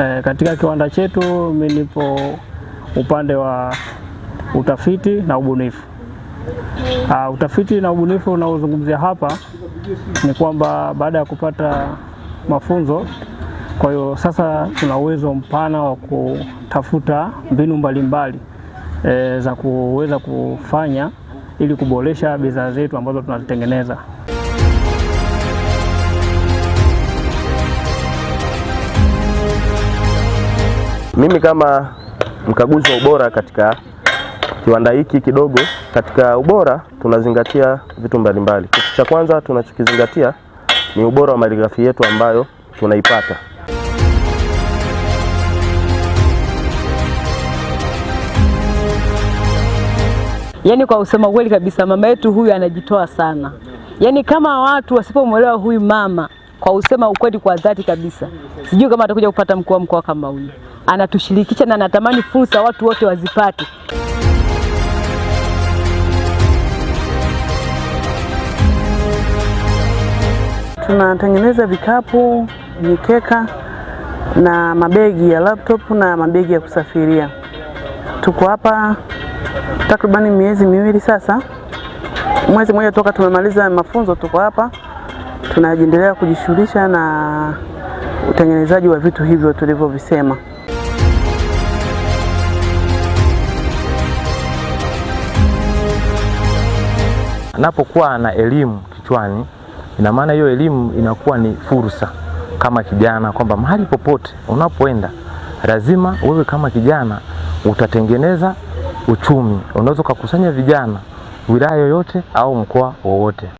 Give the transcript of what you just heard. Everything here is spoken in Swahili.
E, katika kiwanda chetu mimi nipo upande wa utafiti na ubunifu. Uh, utafiti na ubunifu unaozungumzia hapa ni kwamba baada ya kupata mafunzo, kwa hiyo sasa tuna uwezo mpana wa kutafuta mbinu mbalimbali e, za kuweza kufanya ili kuboresha bidhaa zetu ambazo tunazitengeneza. Mimi kama mkaguzi wa ubora katika kiwanda hiki kidogo, katika ubora tunazingatia vitu mbalimbali. Kitu cha kwanza tunachokizingatia ni ubora wa malighafi yetu ambayo tunaipata. Yaani kwa usema kweli kabisa, mama yetu huyu anajitoa sana. Yaani kama watu wasipomwelewa huyu mama, kwa usema ukweli, kwa dhati kabisa, sijui kama atakuja kupata mkuu wa mkoa kama huyu anatushirikisha na anatamani fursa watu wote wazipate. Tunatengeneza vikapu, mikeka na mabegi ya laptop na mabegi ya kusafiria. Tuko hapa takribani miezi miwili sasa, mwezi mmoja toka tumemaliza mafunzo. Tuko hapa tunaendelea kujishughulisha na utengenezaji wa vitu hivyo tulivyovisema. anapokuwa na elimu kichwani, ina maana hiyo elimu inakuwa ni fursa kama kijana, kwamba mahali popote unapoenda lazima wewe kama kijana utatengeneza uchumi. Unaweza ukakusanya vijana wilaya yoyote au mkoa wowote.